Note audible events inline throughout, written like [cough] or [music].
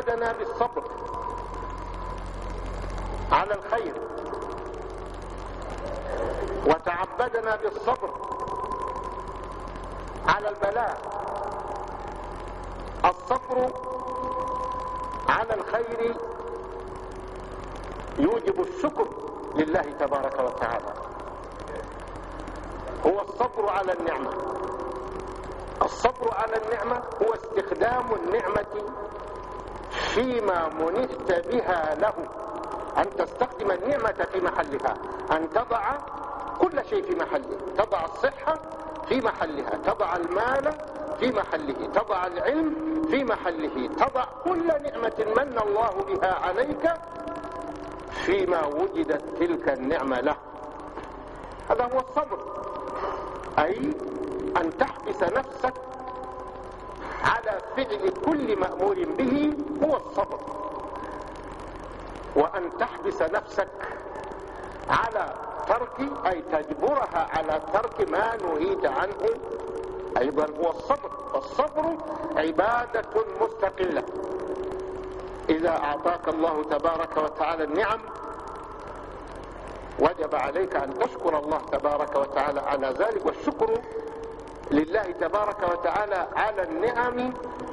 أمدنا بالصبر على الخير وتعبدنا بالصبر على البلاء الصبر على الخير يوجب الشكر لله تبارك وتعالى هو الصبر على النعمة الصبر على النعمة هو استخدام النعمة فيما منست بها له أن تستخدم النعمة في محلها أن تضع كل شيء في محله تضع الصحة في محلها تضع المال في محله تضع العلم في محله تضع كل نعمة من الله بها عليك فيما وجدت تلك النعمة له هذا هو الصبر أي أن تحبس نفسك على فعل كل مأمور به هو الصبر وأن تحبس نفسك على ترك أي تجبرها على ترك ما نهيت عنه أيضا هو الصبر الصبر عبادة مستقلة إذا أعطاك الله تبارك وتعالى النعم وجب عليك أن تشكر الله تبارك وتعالى على ذلك والشكر لله تبارك وتعالى على النعم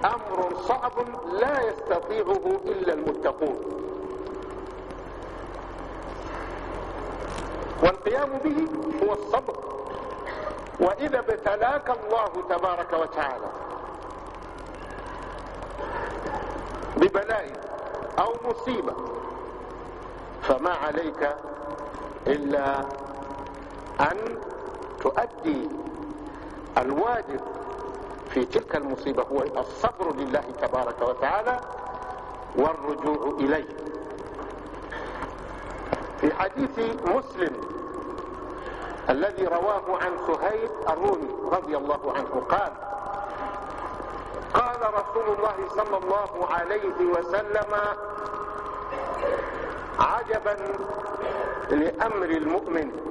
أمر صعب لا يستطيعه إلا المتقون والقيام به هو الصبر وإذا ابتلاك الله تبارك وتعالى ببلاء أو مصيبة فما عليك إلا أن تؤدي الواجب في تلك المصيبة هو الصبر لله تبارك وتعالى والرجوع إليه في حديث مسلم الذي رواه عن سهيل الرومي رضي الله عنه قال قال رسول الله صلى الله عليه وسلم عجبا لأمر المؤمن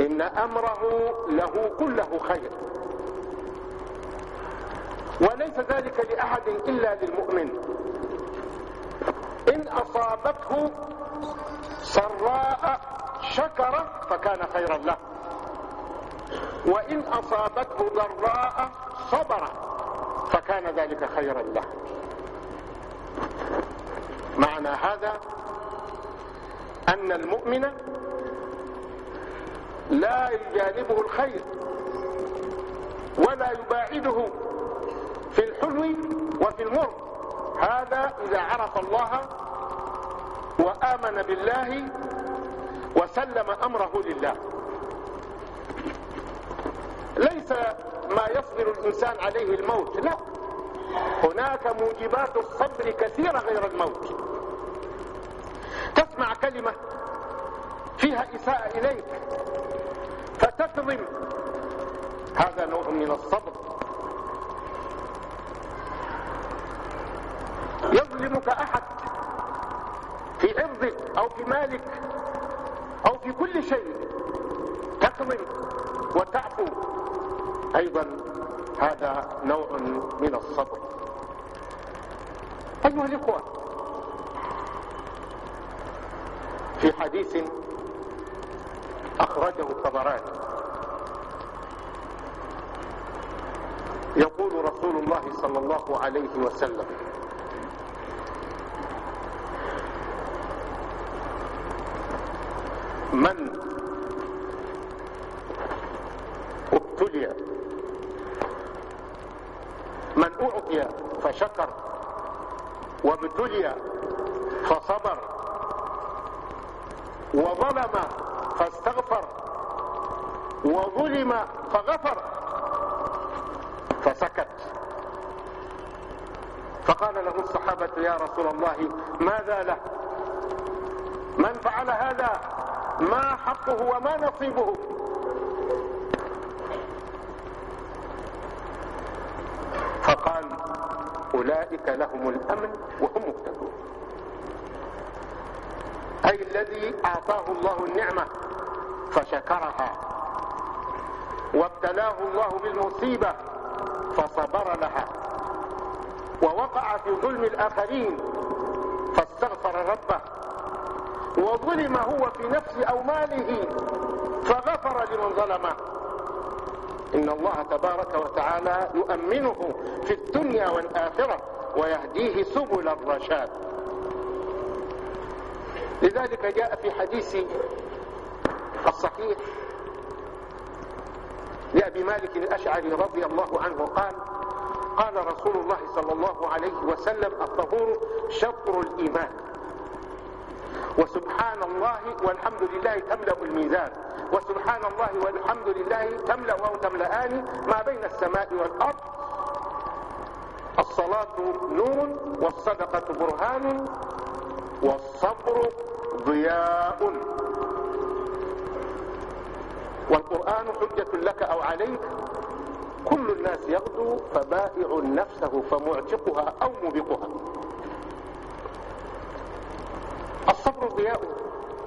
إن أمره له كله خير وليس ذلك لأحد إلا للمؤمن إن أصابته سراء شكر فكان خيرا له وإن أصابته ضراء صبر فكان ذلك خيرا له معنى هذا أن المؤمن لا يجانبه الخير ولا يباعده في الحلو وفي المر هذا إذا عرف الله وآمن بالله وسلم أمره لله ليس ما يصبر الإنسان عليه الموت لا هناك موجبات الصبر كثيرة غير الموت تسمع كلمة فيها إساءة إليك فتكظم هذا نوع من الصبر يظلمك أحد في عرضك أو في مالك أو في كل شيء تكظم وتعفو أيضا هذا نوع من الصبر أيها الإخوة في حديث أخرجه الطبراني يقول رسول الله صلى الله عليه وسلم من ابتلي من أعطي فشكر وابتلي فصبر وظلم فاستغفر وظلم فغفر فسكت فقال له الصحابة يا رسول الله ماذا له من فعل هذا ما حقه وما نصيبه فقال أولئك لهم الأمن وهم مهتدون الذي أعطاه الله النعمة فشكرها وابتلاه الله بالمصيبة فصبر لها ووقع في ظلم الآخرين فاستغفر ربه وظلم هو في نفسه أو ماله فغفر لمن ظلمه إن الله تبارك وتعالى يؤمنه في الدنيا والآخرة ويهديه سبل الرشاد لذلك جاء في حديث الصحيح لأبي مالك الأشعري رضي الله عنه قال قال رسول الله صلى الله عليه وسلم الطهور شطر الإيمان وسبحان الله والحمد لله تملأ الميزان وسبحان الله والحمد لله تملأ أو تملأان ما بين السماء والأرض الصلاة نور والصدقة برهان والصبر ضياء والقرآن حجة لك أو عليك كل الناس يغدو فبائع نفسه فمعتقها أو موبقها الصبر ضياء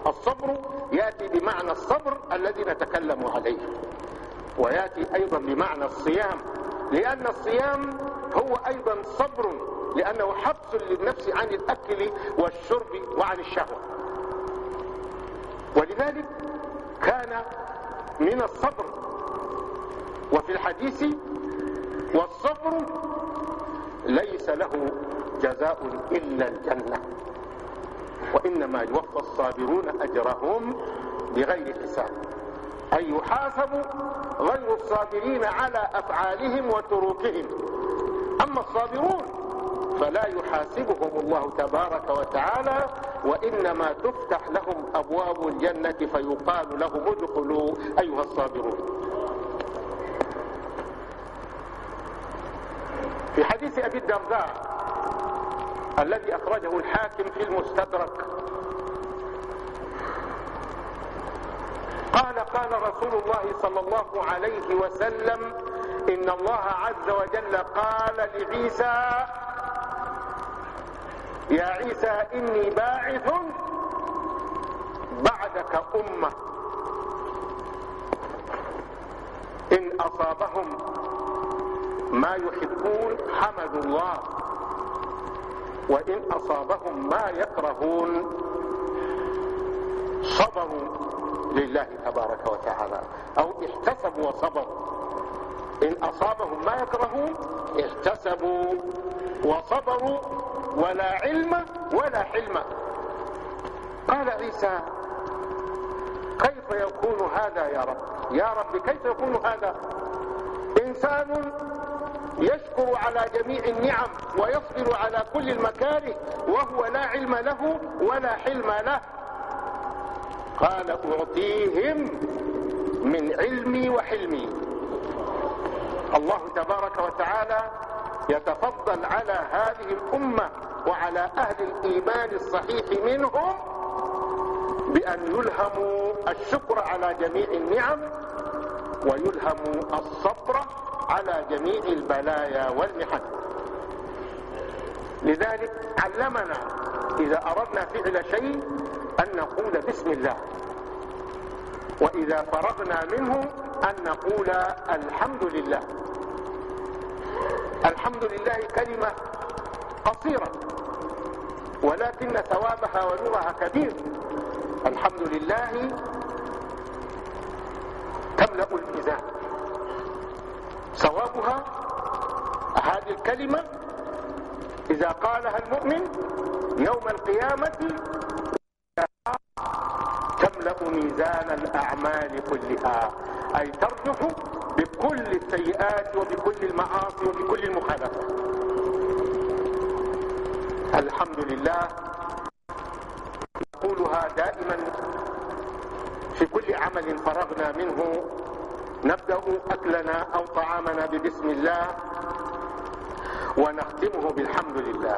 الصبر يأتي بمعنى الصبر الذي نتكلم عليه ويأتي أيضا بمعنى الصيام لأن الصيام هو أيضا صبر لأنه حبس للنفس عن الأكل والشرب وعن الشهوة ولذلك كان من الصبر وفي الحديث والصبر ليس له جزاء إلا الجنة وإنما يوفى الصابرون أجرهم بغير حساب أي يحاسب غير الصابرين على أفعالهم وتروكهم أما الصابرون فلا يحاسبهم الله تبارك وتعالى وإنما تفتح لهم أبواب الجنة فيقال لهم ادخلوا أيها الصابرون في حديث أبي الدرداء الذي أخرجه الحاكم في المستدرك قال قال رسول الله صلى الله عليه وسلم إن الله عز وجل قال لعيسى يا عيسى إني باعث بعدك أمة إن أصابهم ما يحبون حمدوا الله وإن أصابهم ما يكرهون صبروا لله تبارك وتعالى أو احتسبوا وصبروا إن أصابهم ما يكرهون احتسبوا وصبروا ولا علم ولا حلم قال عيسى كيف يكون هذا يا رب يا رب كيف يكون هذا إنسان يشكر على جميع النعم ويصبر على كل المكاره وهو لا علم له ولا حلم له قال أعطيهم من علمي وحلمي الله تبارك وتعالى يتفضل على هذه الأمة وعلى أهل الإيمان الصحيح منهم بأن يلهموا الشكر على جميع النعم ويلهموا الصبر على جميع البلايا والمحن لذلك علمنا إذا أردنا فعل شيء أن نقول بسم الله وإذا فرغنا منه أن نقول الحمد لله الحمد لله كلمة قصيرة ولكن ثوابها ونورها كبير الحمد لله تملأ الميزان ثوابها هذه الكلمة إذا قالها المؤمن يوم القيامة تملأ ميزان الأعمال كلها أي ترجح بكل السيئات وبكل المعاصي وبكل المخالفات الحمد لله نقولها دائما في كل عمل فرغنا منه نبدأ أكلنا أو طعامنا ببسم الله ونختمه بالحمد لله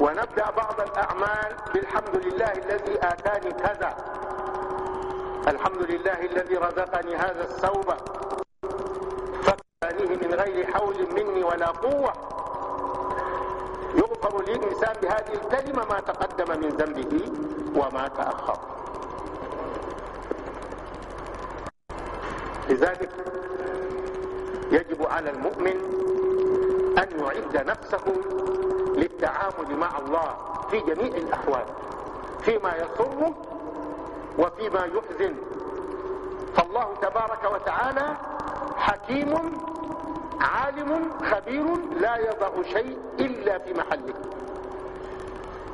ونبدأ بعض الأعمال بالحمد لله الذي آتاني كذا الحمد لله الذي رزقني هذا الثوب فكانه من غير حول مني ولا قوة يغفر للإنسان بهذه الكلمة ما تقدم من ذنبه وما تأخر لذلك يجب على المؤمن أن يعد نفسه للتعامل مع الله في جميع الأحوال فيما يصره وفيما يحزن فالله تبارك وتعالى حكيم عالم خبير لا يضع شيء إلا في محله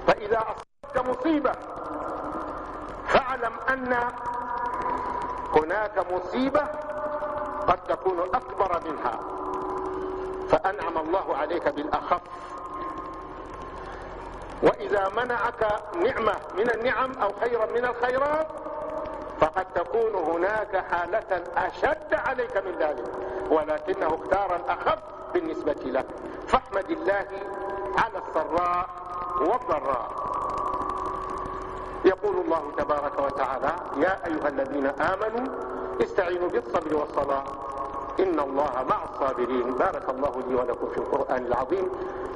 فإذا أصبت مصيبة فاعلم أن هناك مصيبة قد تكون أكبر منها فأنعم الله عليك بالأخف وإذا منعك نعمة من النعم أو خيرا من الخيرات فقد تكون هناك حالة أشد عليك من ذلك ولكنه اختار الأخف بالنسبة لك فاحمد الله على السراء والضراء يقول الله تبارك وتعالى يا أيها الذين آمنوا استعينوا بالصبر والصلاة إن الله مع الصابرين بارك الله لي ولكم في القرآن العظيم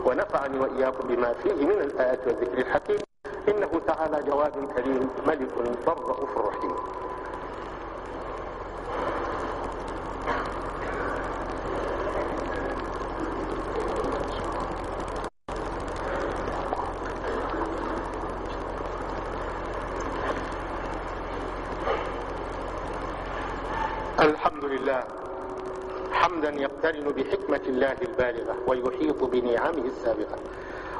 ونفعني وإياكم بما فيه من الآيات والذكر الحكيم إنه تعالى جواد كريم ملك بر رحيم الحمد لله حمدا يقترن بحكمة الله البالغة ويحيط بنعمه السابقة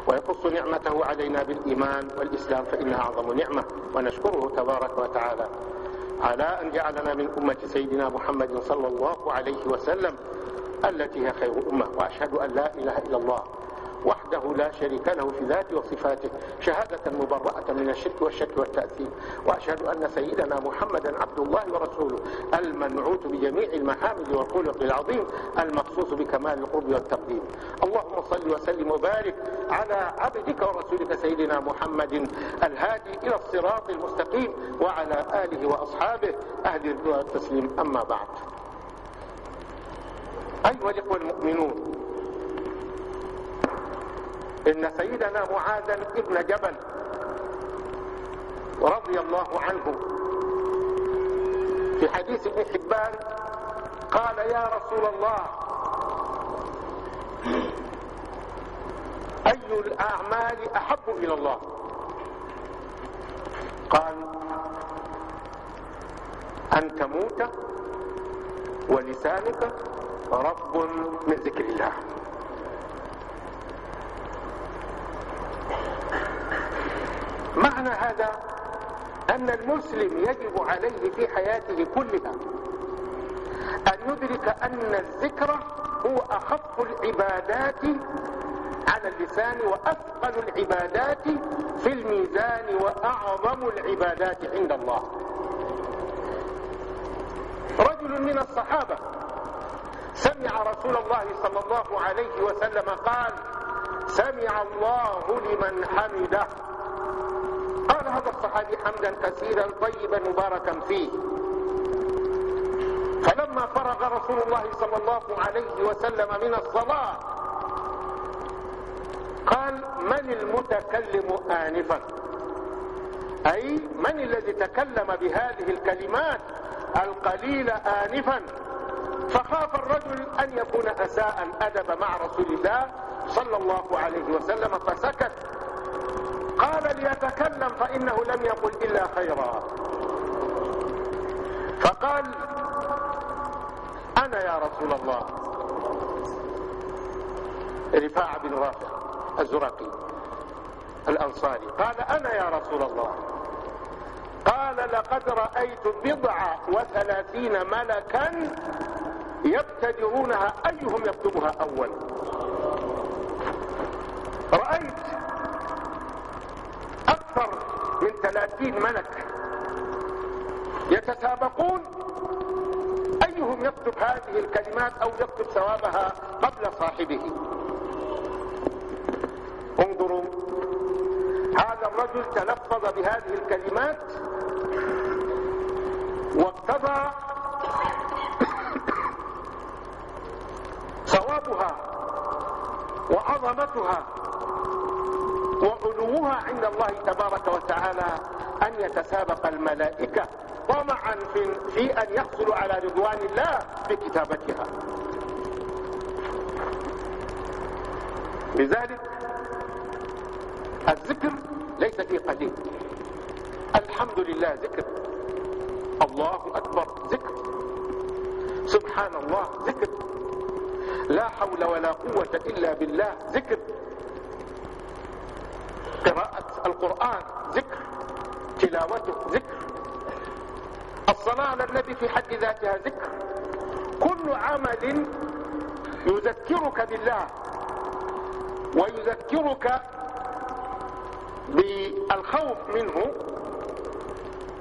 ويقص نعمته علينا بالإيمان والإسلام فإنها أعظم نعمة ونشكره تبارك وتعالى على أن جعلنا من أمة سيدنا محمد صلى الله عليه وسلم التي هي خير أمة وأشهد أن لا إله إلا الله وحده لا شريك له في ذاته وصفاته شهادة مبرأة من الشرك والشك والتأثيم وأشهد أن سيدنا محمدا عبد الله ورسوله المنعوت بجميع المحامد والخلق العظيم المخصوص بكمال القرب والتقديم اللهم صل وسلم وبارك على عبدك ورسولك سيدنا محمد الهادي إلى الصراط المستقيم وعلى آله وأصحابه أهل الرضا والتسليم أما بعد أيها الإخوة المؤمنون إن سيدنا معاذا ابن جبل رضي الله عنه في حديث ابن حبان قال يا رسول الله أي الأعمال أحب إلى الله قال أن تموت ولسانك رب من ذكر الله معنى هذا أن المسلم يجب عليه في حياته كلها أن يدرك أن الذكر هو أخف العبادات على اللسان وأثقل العبادات في الميزان وأعظم العبادات عند الله رجل من الصحابة سمع رسول الله صلى الله عليه وسلم قال سمع الله لمن حمده قال هذا الصحابي حمدا كثيرا طيبا مباركا فيه فلما فرغ رسول الله صلى الله عليه وسلم من الصلاة قال من المتكلم آنفا أي من الذي تكلم بهذه الكلمات القليلة آنفا فخاف الرجل أن يكون أساء الأدب مع رسول الله صلى الله عليه وسلم فسكت قال ليتكلم فإنه لم يقل إلا خيرا فقال أنا يا رسول الله رفاعة بن رافع الزرقي الأنصاري قال أنا يا رسول الله قال لقد رأيت بضع وثلاثين ملكا يبتدرونها أيهم يكتبها أول رأيت من ثلاثين ملك يتسابقون أيهم يكتب هذه الكلمات أو يكتب ثوابها قبل صاحبه انظروا هذا الرجل تلفظ بهذه الكلمات واقتضى [coughs] ثوابها وعظمتها وعلوها عند الله تبارك وتعالى أن يتسابق الملائكة طمعا في, في أن يحصلوا على رضوان الله بكتابتها لذلك الذكر ليس في قديم الحمد لله ذكر الله أكبر ذكر سبحان الله ذكر لا حول ولا قوة إلا بالله ذكر القرآن ذكر تلاوته ذكر الصلاة التي في حد ذاتها ذكر كل عمل يذكرك بالله ويذكرك بالخوف منه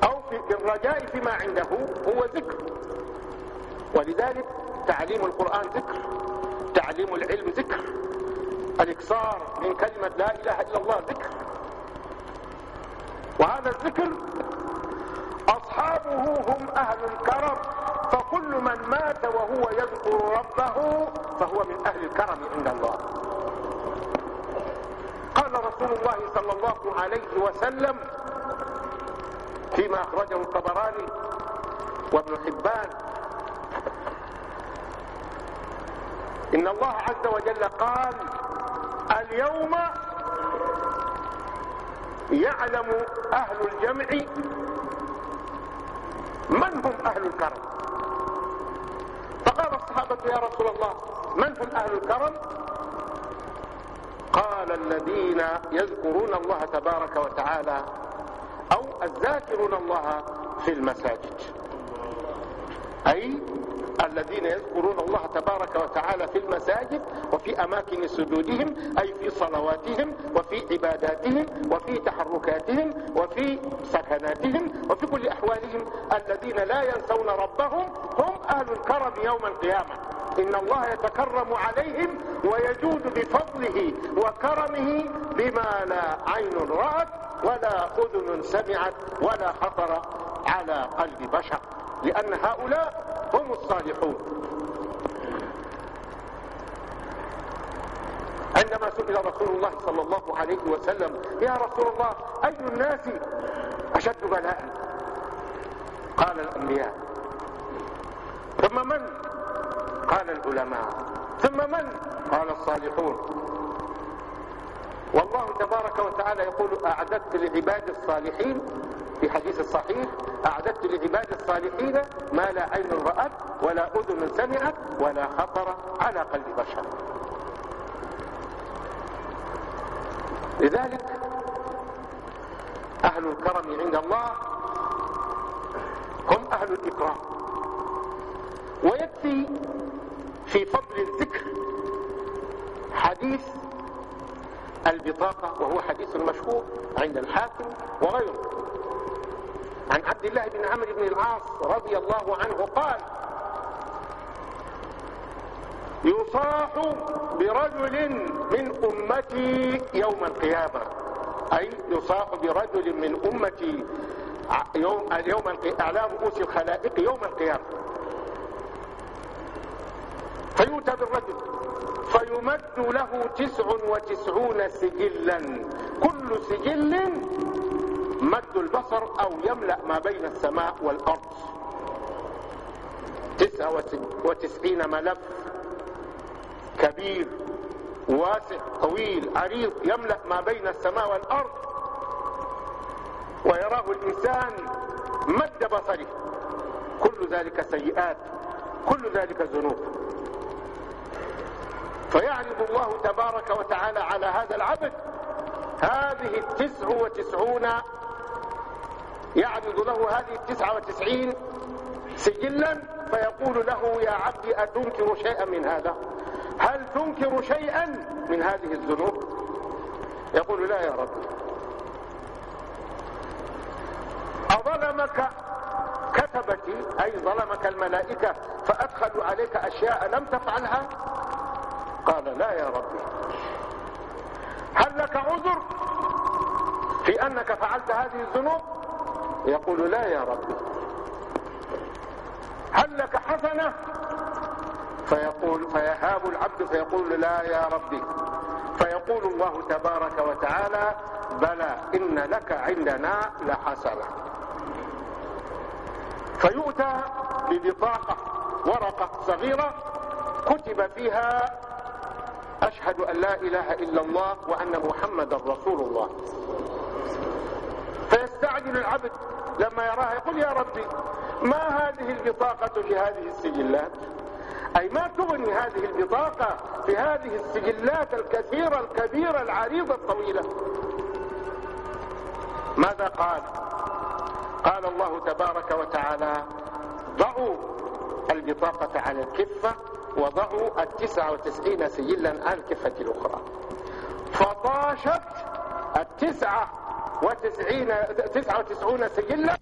أو بالرجاء فيما عنده هو ذكر ولذلك تعليم القرآن ذكر تعليم العلم ذكر الإكثار من كلمة لا إله إلا الله ذكر وهذا الذكر أصحابه هم أهل الكرم فكل من مات وهو يذكر ربه فهو من أهل الكرم عند الله قال رسول الله صلى الله عليه وسلم فيما أخرجه الطبراني وابن حبان إن الله عز وجل قال اليوم يعلم أهل الجمع من هم أهل الكرم فقال الصحابة يا رسول الله من هم أهل الكرم قال الذين يذكرون الله تبارك وتعالى أو الذاكرون الله في المساجد أي الذين يذكرون الله تبارك وتعالى في المساجد وفي أماكن سجودهم أي في صلواتهم وفي عباداتهم وفي تحركاتهم وفي سكناتهم وفي كل أحوالهم الذين لا ينسون ربهم هم أهل الكرم يوم القيامة إن الله يتكرم عليهم ويجود بفضله وكرمه بما لا عين رأت ولا أذن سمعت ولا خطر على قلب بشر لأن هؤلاء هم الصالحون عندما سئل رسول الله صلى الله عليه وسلم يا رسول الله أي الناس أشد بلاء قال الأنبياء ثم من قال العلماء ثم من قال الصالحون والله تبارك وتعالى يقول أعددت لعباد الصالحين في حديث الصحيح أعددت لعباد الصالحين ما لا عين رأت ولا أذن سمعت ولا خطر على قلب بشر لذلك أهل الكرم عند الله هم أهل الإكرام ويكفي في فضل الذكر حديث البطاقة وهو حديث مشهور عند الحاكم وغيره عن عبد الله بن عمرو بن العاص رضي الله عنه قال يصاح برجل من أمتي يوم القيامة أي يصاح برجل من أمتي يوم يوم على رؤوس الخلائق يوم القيامة فيؤتى بالرجل فيمد له تسع وتسعون سجلا كل سجل مد البصر أو يملأ ما بين السماء والأرض تسعة وتسعين ملف كبير واسع طويل عريض يملأ ما بين السماء والأرض ويراه الإنسان مد بصره كل ذلك سيئات كل ذلك ذنوب فيعرض الله تبارك وتعالى على هذا العبد هذه التسع وتسعون يعرض له هذه التسعة وتسعين سجلا فيقول له يا عبدي أتنكر شيئا من هذا هل تنكر شيئا من هذه الذنوب يقول لا يا رب أظلمك كتبتي أي ظلمك الملائكة فأدخلوا عليك أشياء لم تفعلها قال لا يا ربي هل لك عذر في أنك فعلت هذه الذنوب يقول لا يا رب هل لك حسنة فيقول فيهاب العبد فيقول لا يا ربي فيقول الله تبارك وتعالى بلى إن لك عندنا لحسنة فيؤتى ببطاقة ورقة صغيرة كتب فيها أشهد أن لا إله إلا الله وأن محمد رسول الله فيستعجل العبد لما يراها يقول يا ربي ما هذه البطاقة هذه السجلات أي ما تغني هذه البطاقة في هذه السجلات الكثيرة الكبيرة العريضة الطويلة ماذا قال قال الله تبارك وتعالى ضعوا البطاقة على الكفة وضعوا التسعة وتسعين سجلا على الكفة الأخرى فطاشت التسعة وتسعين تسعة وتسعون سجلا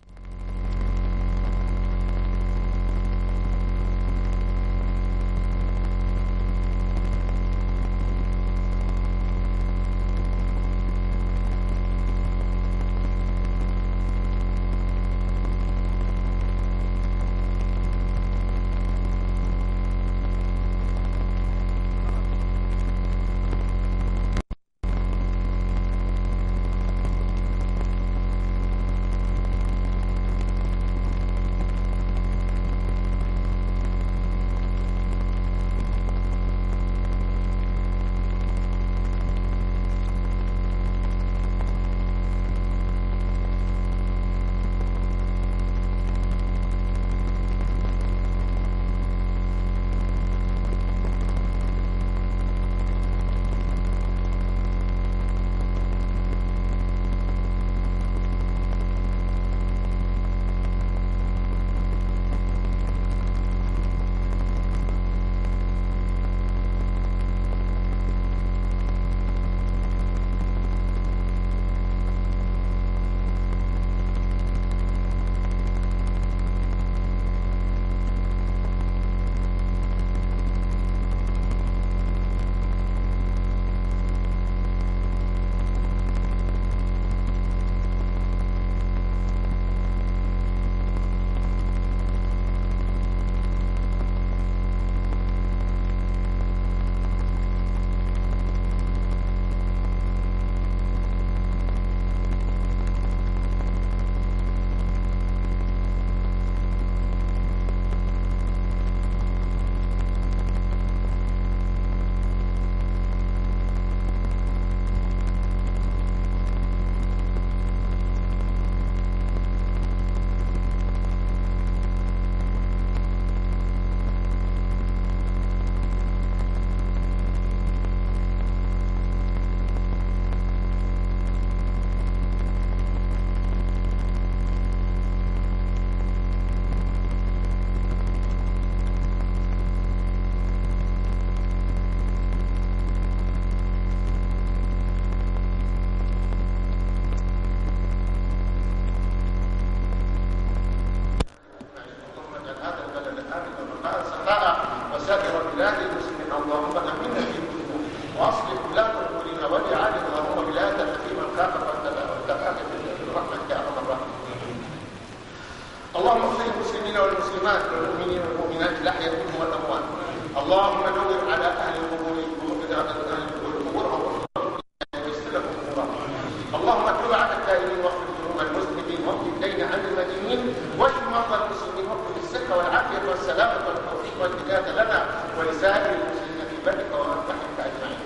والسلامة والتوفيق والنجاة لنا ولسائر المسلمين في بلدك وأرواحك أجمعين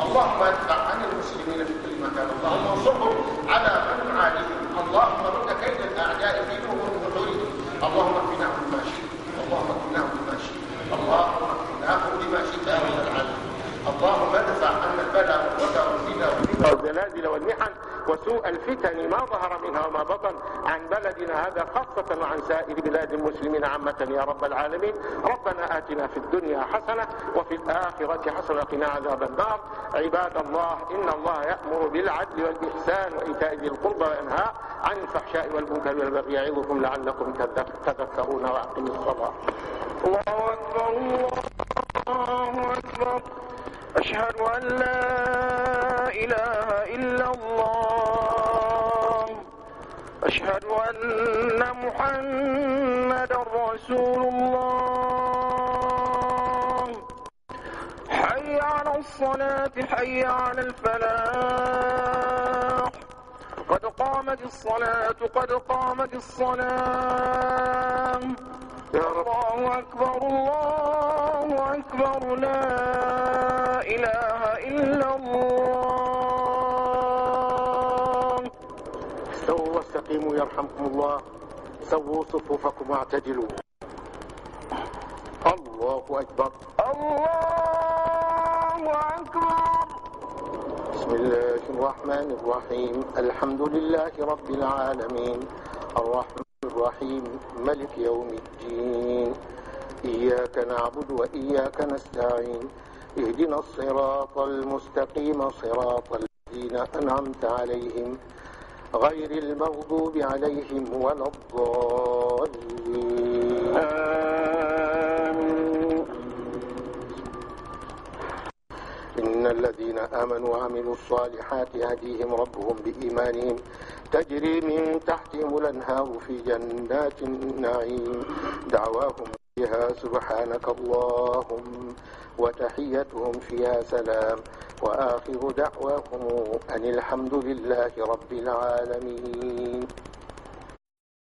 اللهم ادفع عن المسلمين في كل مكان اللهم انصرهم وسوء الفتن ما ظهر منها وما بطن عن بلدنا هذا خاصة وعن سائر بلاد المسلمين عامة يا رب العالمين ربنا آتنا في الدنيا حسنة وفي الآخرة حسنة قنا عذاب النار عباد الله إن الله يأمر بالعدل والإحسان وإيتاء ذي القربى وينهى عن الفحشاء والمنكر والبغي يعظكم لعلكم تذكرون وأقيموا الصلاة الله أكبر الله أكبر أشهد أن لا إله إلا الله أشهد أن محمدا رسول الله حي على الصلاة حي على الفلاح قد قامت الصلاة قد قامت الصلاة الله أكبر الله أكبر لا إله استقيموا يرحمكم الله سووا صفوفكم واعتدلوا الله أكبر الله أكبر بسم الله الرحمن الرحيم الحمد لله رب العالمين الرحمن الرحيم ملك يوم الدين إياك نعبد وإياك نستعين اهدنا الصراط المستقيم صراط الذين أنعمت عليهم غير المغضوب عليهم ولا الضالين آمين إن الذين آمنوا وعملوا الصالحات يهديهم ربهم بإيمانهم تجري من تحتهم الأنهار في جنات النعيم دعواهم فيها سبحانك اللهم وتحيتهم فيها سلام وآخر دعواهم أن الحمد لله رب العالمين